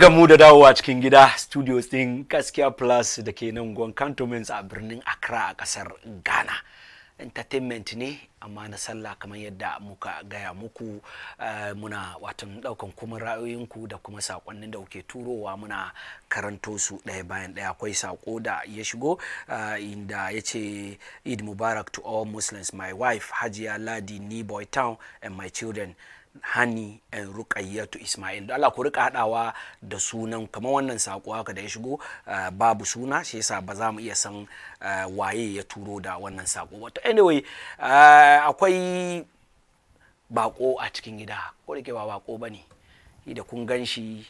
mu da dawowa cikin gida studios din gaskiya plus da ke nan gwan cantonments a birnin accra a kasar ghana entertainment ne amma na sallah kamar yadda muka gaya muku eh, muna watan daukan kuma ra'ayoyinku da kuma sakonnin da kuke turowa muna karanto su ɗaya bayan ɗaya akwai sako da ya shigo eh, inda ya ce eid mubarak to all muslims my wife hajiya ladi ni boy town and my children hani and ruqayyatu ismail da Allah ku rika hadawa da sunan kamar wannan sako haka da ya shigo eh, babu suna shi yasa ba za mu iya san eh, waye ya turo da wannan sako wato anyway eh, akwai bako a cikin gida ko da ke ba bako bane da kun gan shi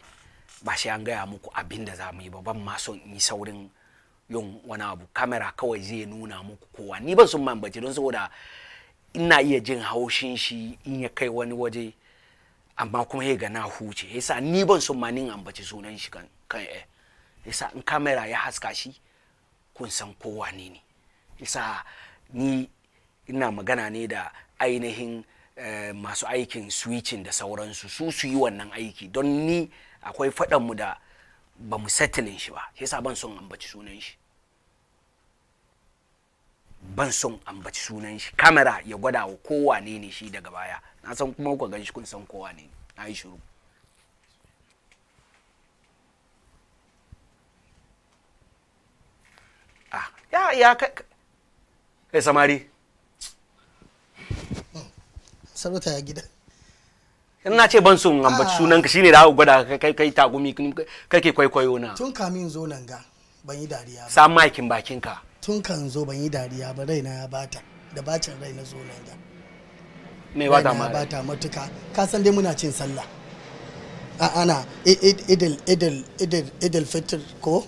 ba sai an gaya muku abin da za mu yi ba ban ma son yi saurin yin wani abu kamera kawai zai nuna muku kowa ni ban sun mambaci don saboda ina iya jin haushin shi in ya kai wani waje amma kuma ya ga na huce yasa ni ban son ma nin ambaci sunan shi kan kan eh yasa in kamera ya haska shi kun san kowa ne ne yasa ni ina magana ne da ainihin eh, masu aikin switching da sauransu su su yi wannan aiki don ni akwai faɗanmu da bamu mu settling shi ba yasa ban son ambaci sunan shi ban son ambaci sunan shi kamera ya gwada wa kowa ne ne shi daga baya na san kuma ku gan shi kun san kowa ne na yi shiru ah ya ya kai samari sarauta ya gida in na ce ban son ambaci ah. sunan ka shine da aka gwada kai kai tagumi kai kwaikwayo na tun kamin zo nan ga ban yi dariya ba sa makin bakin ka tun kan zo ban yi dariya ba raina ya bata da bacin rai na zo nan ga me bata ya bata matuka ka san dai muna cin sallah a ana idil idil idil idil fitr ko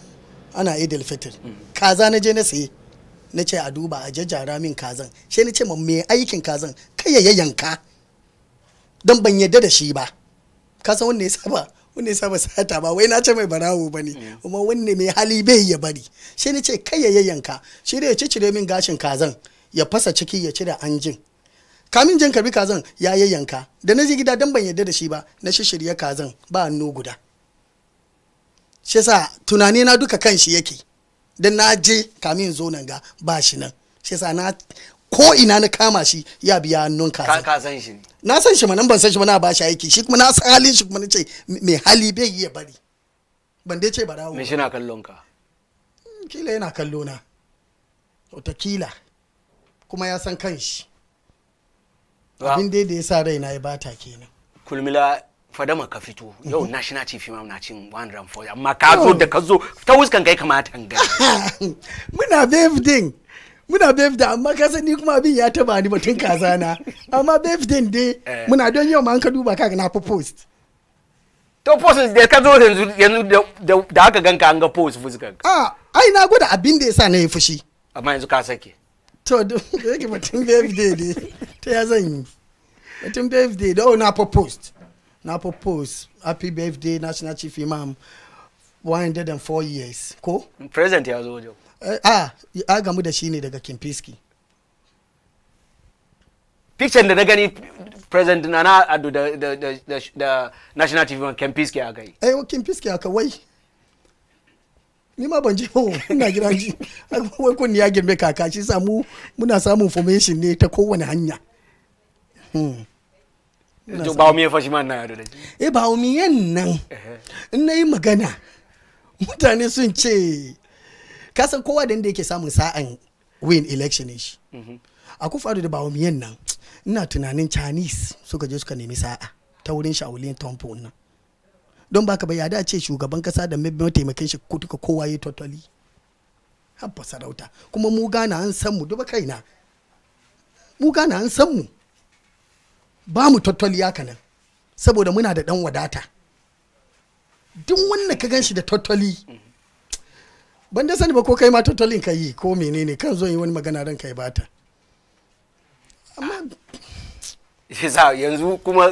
ana idil fitr mm. kaza na je na saye na ce a duba a jajjara min kazan shi na ce ma me aikin kazan kai ya yanka don ban yadda da shi ba ka san wanda ya saba wanda ya saba sata ba wai na ce mai barawo ba ne mm. kuma wanda mai hali bai ya bari shi ne ce kai ya yayyanka shi ne ya ci cire min gashin kazan ya fasa ciki ya cire anjin kamin jan karbi kazan ya yayyanka da na je gida dan ban yarda da shi ba na shirya kazan ba hannu guda shi sa tunani na duka kan shi yake dan na je kamin zo nan ga ba shi nan shi sa na ko ina na kama shi ya biya hannun ka ka san shi na san shi manan ban san shi ba na ba shi aiki shi kuma na san halin shi kuma na ce mai hali bai yi ya bari ban dai ce ba dawo me shi na kallon ka hmm, kila yana kallo na kila kuma ya san kan shi abin dai da ya sa raina ya bata kenan kulmila fadama ka fito mhm. yau national chief imam na cin 140 amma ka zo da ka zo ta wuskan kai kamata gani muna bevding din muna birthday amma ka sani ni kuma abin ya taba ni batun kaza na amma birthday dai eh. muna don yau ma an ka duba ka na fa post to post da ka zo yanzu yanzu da aka ganka an ga post fuskar a ah, ai na gwada abin da yasa na yi fushi amma yanzu ka sake to da yake batun birthday ne ta ya zan yi batun birthday da oh, na fa post na fa post happy birthday national chief imam 104 years ko present ya zo wajen Eh, ah, a a gamu da shi ne daga kimfiski picture da na gani president na ado da, da, national tv kimfiski a yi eh kimfiski aka wai ni ma ban ji ho ina gidan ji wai kun ya girme kaka shi samu muna samun information ne ta kowane hanya hmm. ba omiyan fashi ma na yaro da eh ba omiyan nan eh. in na yi magana mutane sun ce kasan kowa da inda yake samun sa'an win election ne shi mhm. a kufaru da bawumiyan nan ina tunanin chinese suka je suka nemi sa'a ta wurin shaulin tompo nan don baka bai yada ce shugaban kasa da mataimakin shi kutuka kowa ya totali habba sarauta kuma mu gana an san mu duba kaina mu gana an san mu ba mu totali haka nan saboda muna da dan wadata duk wanda ka gan shi da totali mhm. ban da sani ba ko kai ma tattalin ka yi ko menene kan zo yi wani magana ran kai bata amma yanzu kuma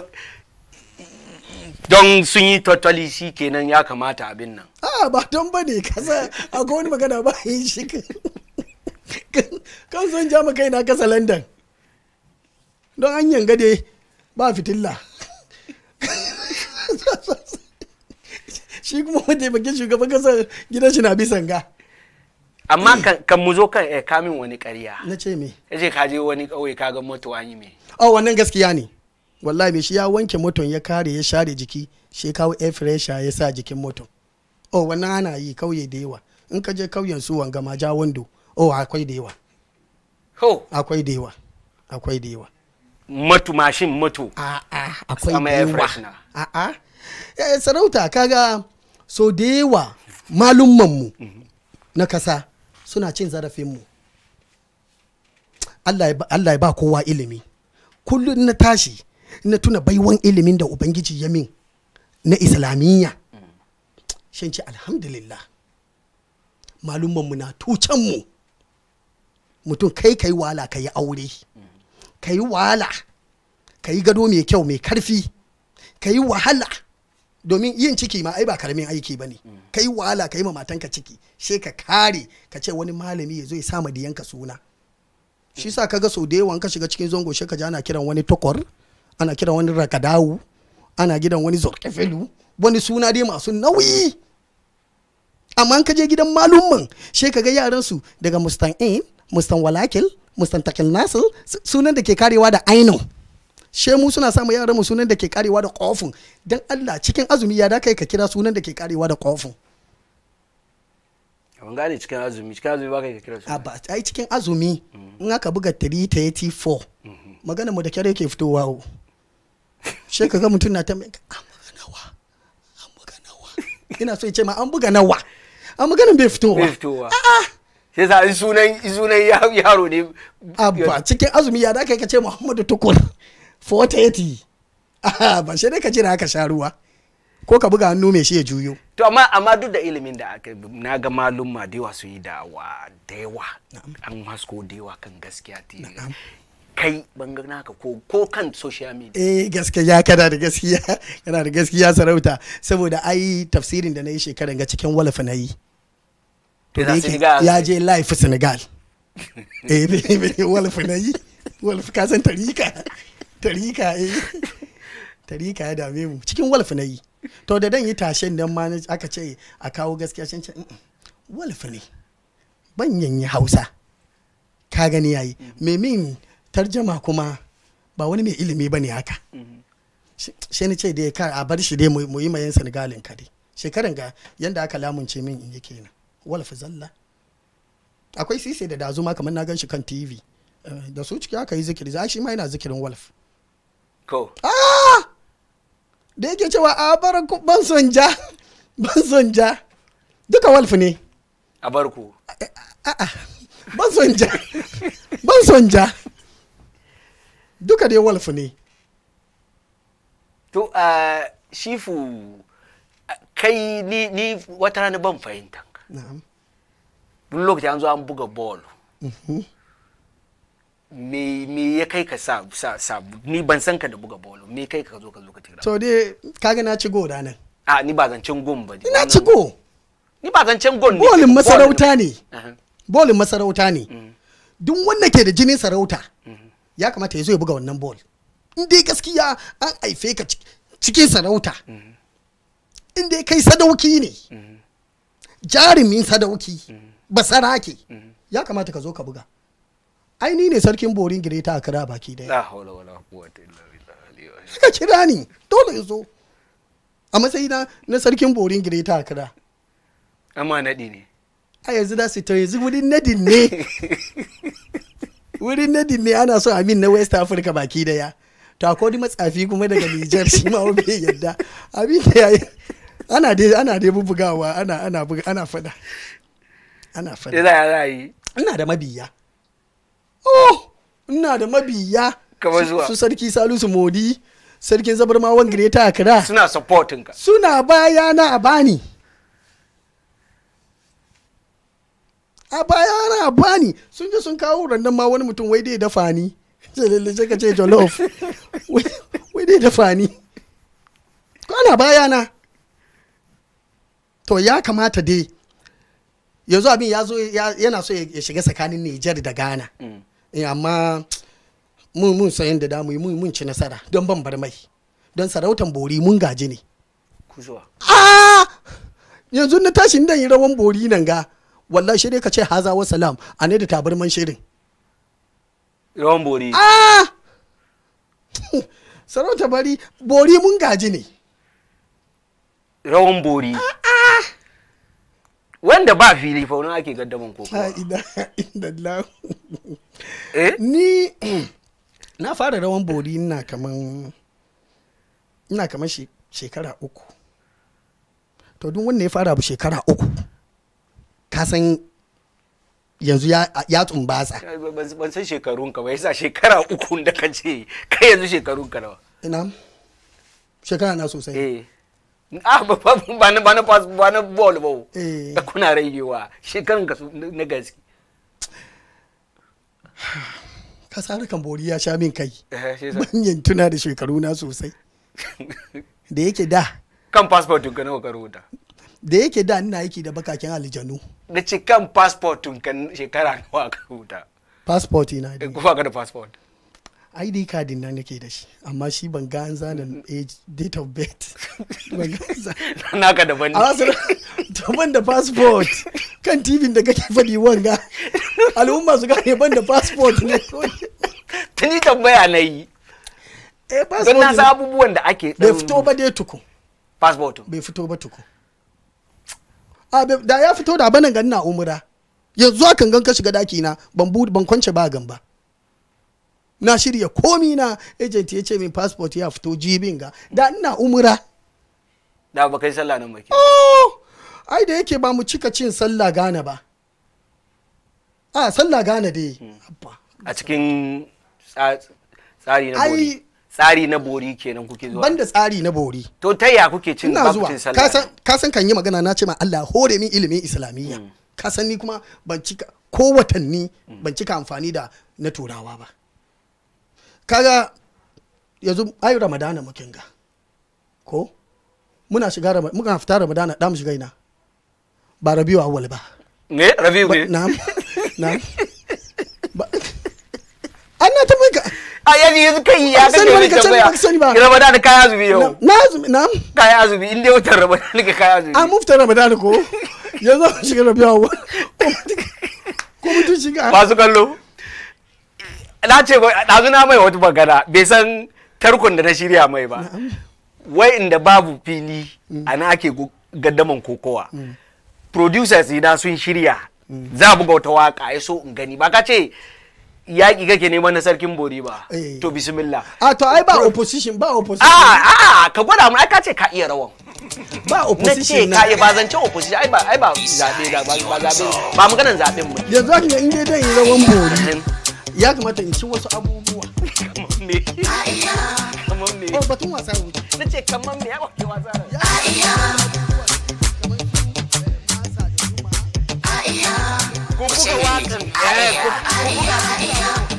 don sun yi tattali shi kenan ya kamata abin nan a ba don ba ne kasa ga wani magana ba yi shi kan zo ja maka ina kasa london don an yanga dai ba fitilla shi kuma mataimakin shugaban kasar gidan shi na bisan ga amma kan mu zo kan eh, kamin wani ƙarya na ce me ya ce ka je wani ƙauye ka ga moto an yi me oh wannan gaskiya ne wallahi shi ya wanke moton ya kare ya share jiki shi kawo air fresher ya sa jikin moton oh wannan ana yi kauye da yawa in ka je kauyen su wanga ma ja wando oh akwai da yawa ho akwai da yawa akwai da yawa matu mashin matu a a akwai da yawa a a Eh, sarauta kaga so da yawa malummanmu na kasa suna cin zarafinmu allah ya ba kowa ilimi kullum na tashi na tuna baiwan ilimin da ubangiji ya min na islamiyya shan ce alhamdulillah malummanmu na tucanmu mutum kai kai wala ka yi aure ka yi wala ka yi gado mai kyau mai karfi ka yi wahala domin yin ciki ma ai ba karamin aiki bane kai wahala kai ma matanka ciki sai ka kare ka ce wani malami ya zo ya sama ka suna shi sa kaga sau da yawan ka shiga cikin zango shi ka ji ana kiran wani tokor ana kiran wani rakadawu ana gidan wani zorkefelu wani suna dai masu nauyi amma ka je gidan malumman sai ka ga yaran su daga mustan in mustan walakil mustan takil Nasir sunan da ke karewa da aino she mu suna samu yaran mu sunan da ke karewa da kofin dan Allah cikin azumi ya da kai ka kira sunan da ke karewa da kofin ban gane cikin azumi cikin azumi ba ka kira sunan a ba ai cikin azumi in aka buga 384 mhm. magana mu da kare yake fitowa o she kaga mutum na ta mai an buga nawa an nawa ina so ya ce ma an buga nawa an magana bai fitowa bai fitowa sai sa in sunan yaro ne abba cikin azumi ya da kai ka ce muhammadu tukur 430 ba shi ne ka jira ka sha ruwa ko ka buga hannu mai shi ya juyo to amma amma duk da ilimin da aka na ga malumma da yawa su yi da wa da yawa an hasko da yawa kan gaskiya te kai bangar naka ko ko kan social media eh gaskiya kana da gaskiya kana da gaskiya sarauta saboda ai tafsirin da na yi shekaran ga cikin walafa na yi to ya je live senegal eh walafa na yi kasan ka san tarika tarika eh tarika ya dame mu cikin walf na yi to da dan yi tashen dan ma aka ce a kawo gaskiya shin ce wolf ne ban yanyi hausa ka gani yayi mm-hmm. me min tarjama kuma ba wani mai ilimi bane haka mm-hmm. shi ni ce dai ka a bar shi dai mu yi mayan senegalin ka dai shekaran ga yanda aka lamunce min in yi kenan wolf zalla akwai sisi da dazuma kamar na gan kan tv eh, da su ciki aka yi zikiri za shi ma yana zikirin walf ko ah! da yake cewa a bar ku ban son ja ban son ja duka walf ne a bar ku eh, a'a ah, ah, ban son ja ban son ja duka dai walf ne to a shifu kai ni ni wata rana ban fahimta duk lokaci an zo an buga ball mhm. me ya kai ka sa sa ni ban san ka da buga bolo me kai ka zo ka zo ka tira to dai kaga na ci go nan. a ni ba zancen gon ba na ci go ni ba zancen gon ne bolin masarauta ne bolin masarauta ne mm. duk wanda ke da jinin sarauta mm-hmm. ya kamata ya zo ya buga wannan bol in dai gaskiya an aife ka cikin sarauta mm-hmm. in dai kai sadauki ne mm-hmm. jarumin sadauki basarake ya kamata ka zo ka buga Aini ne sarkin borin gire ta kira baki daya la wala illa suka kira ni dole zo a matsayi na na sarkin borin gire ta kira amma nadi ne a yanzu da su ta yanzu wurin nadin ne wurin nadin ne ana so amin na west africa baki daya to akwai matsafi kuma daga niger shi ma bai yadda abin da ya yi, ana dai ana dai bubugawa ana ana ana fada ana fada ina da mabiya oh ina da mabiya su sarki salisu modi sarkin zabar ma gire ta kira suna supporting ka suna baya na a bani a baya na a bani sun je sun kawo randan ma wani mutum wai dai dafa ni sai ka ce jollof wai dai dafa ni ko ana baya na to ya kamata dai yanzu abin ya zo yana so ya shiga tsakanin Nijar da Ghana. Mm. Eh, amma mun mun san yadda damu mun mun ci nasara don ban bar mai don sarautan bori mun gaji ne zuwa ah yanzu na tashi dan yi rawan bori nan ga wallahi shi dai ka ce haza wa salam a ne da tabarman shirin rawan bori ah sarauta bari bori mun gaji ne rawan bori ah. wanda ba fili fauna ake gaddaman koko eh? ni na fara rawan bori ina kaman ina kaman shekara uku to duk wanda ya fara abu shekara uku ka san yanzu ya tsumbatsa ban san shekarun ka ba yasa shekara uku da ka ce kai yanzu shekarun ka nawa ina shekara na sosai eh. Ah, ba na ba na pass ba na ball ba oh. eh. da kuna rayewa shekarun ka na gaske ka tsara kan bori ya sha min kai eh, manyan tuna da shekaru na sosai da yake da kan passport ka nawa ka rubuta da yake da ina yake da bakakin aljanu da ci kan passport ka shekara nawa ka rubuta passport ina eh, da kuma ka da passport id card na nake da shi amma shi ban ga an zanen age date of birth ban ga an naka daban ne daban da passport kan tv da kake faɗi wanga al'umma su gane ban da passport ne tuni tambaya na yi eh, don na san abubuwan da ake bai fito ba dai tuku passport bai fito ba tuku a da ya fito da banan ganna umura yanzu akan gan ka shiga daki na ban kwance ba gan ba na shirya komi na agent ya ce min passport ya fito jibin ga da ina umura da ba kai sallah nan ba ke oh ai da yake ba mu cika cin sallah gana ba a sallah gana dai hmm. a cikin tsari na bori tsari na bori kenan kuke zuwa banda tsari na bori to ta ya kuke cin ba cin sallah ka kasan kan yi magana na ce ma Allah hore min ilimin islamiyya hmm. san ni kuma ban cika ko watanni hmm. ban cika amfani da na turawa ba kaga yanzu ayi ramadana mukin ga ko muna shiga muka fita ramadana da mu shiga ina ba rabiu awwal ba ne rabiu ne na'am na'am anna na muka ka a yanzu yanzu kai ya ka sani ka sani ka sani ba ramadana kai azumi yau na azumi na'am kai azumi inda watan ramadana ka kai azumi a mufta ramadana ko yanzu shiga rabiu awwal ko mutum shiga su kallo na ce ɗazu na mai wata magana bai san tarkon da na shirya mai ba wai inda babu fili mm. a na ake gaddaman kokowa mm. producers ina sun shirya mm. za a buga wata waka ya so in gani ba ka ce yaƙi kake neman na sarkin bori ba eh. to bismillah a to ai ba opposition ba opposition a ah, a ah, ka gwada mu ai ka ce ka iya rawan ba opposition na ce ka iya zance opposition ai ba ai ba zabe ba zabe ba maganan zaben mu yanzu ake in dai dai rawan bori ya kamata in ci wasu abubuwa kamar me kamar me oh batun wasa wuce ce kamar me ya wake wasa aiya ku buga wakan eh, ku buga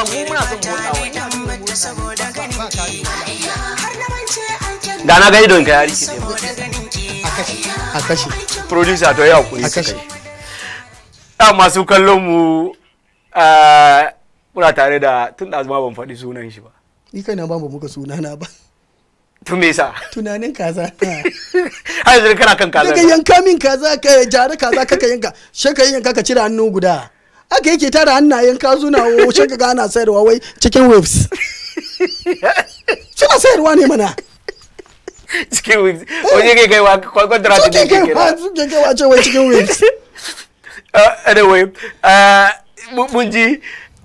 a mu muna son motsa wajen da na gani don kayari ki a kashe producer to yau kuri su kai da masu kallon mu ah, muna tare da tun da azuma ban faɗi sunan shi ba ni kai na ba muka sunana ba tun me sa tunanin kaza ha yanzu kana kan kaza ka yanka min kaza ka jara kaza ka yanka shi ka yanka ka cire hannu guda aka yake tara hannayen kazuna wuce ga gana sayarwa wai cikin waves suna sayarwa ne mana cikin waves wani ke kaiwa kwadara cikin kira suke kai ce wai cikin waves uh, anyway uh, mun ji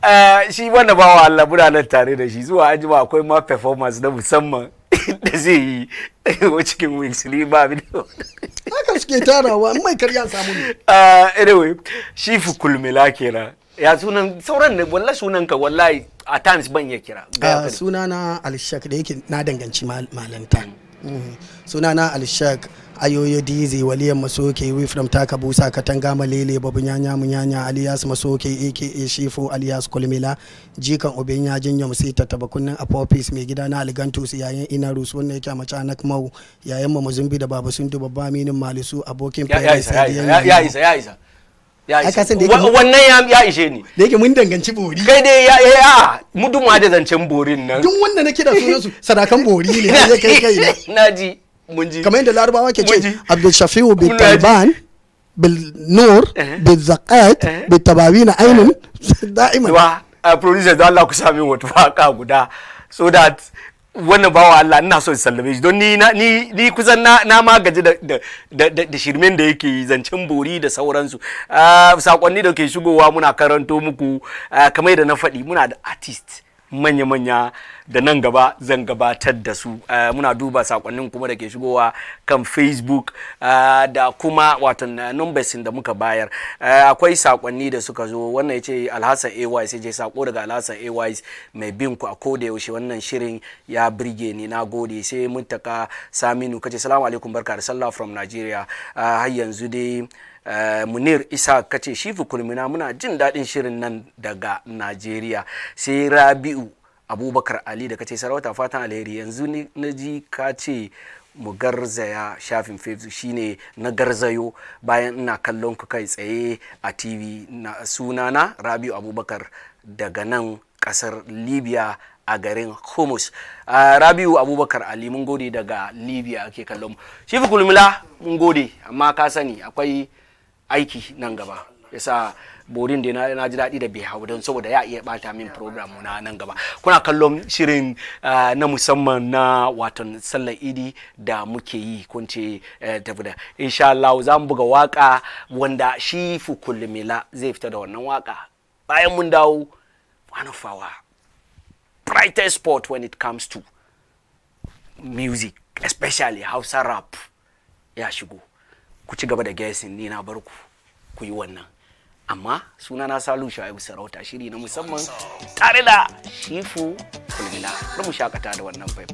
uh, shi wanda ba wa Allah muna nan tare da shi zuwa anjima akwai ma performance na musamman da zai yi wa cikin wings ni ba mi da haka suke tarawa in mai karya samu ne ah, anyway shi fi fukulmila kenan ya sunan sauran ne walla sunan ka wallahi a times ban ya kira ah, sunana alshak da yake na danganci malanta mm. Mm. sunana alshak ayoyo dizi waliyan masoke wifram taka busa katanga malele babu nyanya munyanya aliyas masoke aka shifo aliyas kulmila jikan obin jinya yamsi ta tabakunnin apophis mai gida na aligantus yayin ina rus wannan yake mace anak mau yayin mu muzumbi da baba sun babba aminin malisu abokin ya isa ya isa wannan ya ishe ni da yake mun danganci bori kai dai ya ya ma da zancen borin nan duk wanda na da sunan su sadakan bori ne kai kai na ji kamar yadda larabawa ke ce abdul shafi'u bi talban bil nur eh. bi zakat eh. bi tabawina ainun eh. da'iman wa producer da Allah ku sami wato faka guda so that wannan bawa Allah ina so sallame shi don ni ni ni kusan na na magaji da da da shirmen da yake yi zancen bori da sauransu ah, sakonni da ke shigowa muna karanto muku ah, kamar da na faɗi muna da artist manya-manya da nan gaba zan gabatar da su uh, muna duba sakonnin kuma da ke shigowa kan facebook uh, da kuma watan uh, eh, numbersin da muka bayar akwai sakonni da suka zo wannan ya ce alhassan ays ya je sako daga alhassan ays mai bin ku a koda yaushe wannan shirin ya birge ni na gode sai muntaka saminu kace salamu alaikum barka da sallah from nigeria har yanzu dai Eh, munir isa kace shi kulmina muna jin daɗin shirin nan daga najeriya sai rabi'u abubakar ali da kace sarauta fatan alheri yanzu na ji ka ce mu garzaya shafin facebook shine na garzayo bayan ina kallon ku kai tsaye a tv na sunana rabiu abubakar daga nan kasar libya a garin homus eh, rabiu abubakar ali mun gode daga libya ake kallon mu shi kulmila mun gode amma ka sani akwai aiki nan gaba yasa borin da na ji daɗi da bai don saboda ya iya bata min program na nan gaba kuna kallon shirin ah, na musamman na watan sallar idi da muke yi kun ce eh, tafida insha Allah za mu buga waka wanda shi fukulmila zai fita da wannan waka bayan mun dawo one of our brightest sport when it comes to music especially hausa rap ya shigo ku ci gaba da gaisin ni na bar ku ku yi wannan amma suna na salu shaibu sarauta shiri na musamman tare da shifu kulmina mu shakata da wannan faifan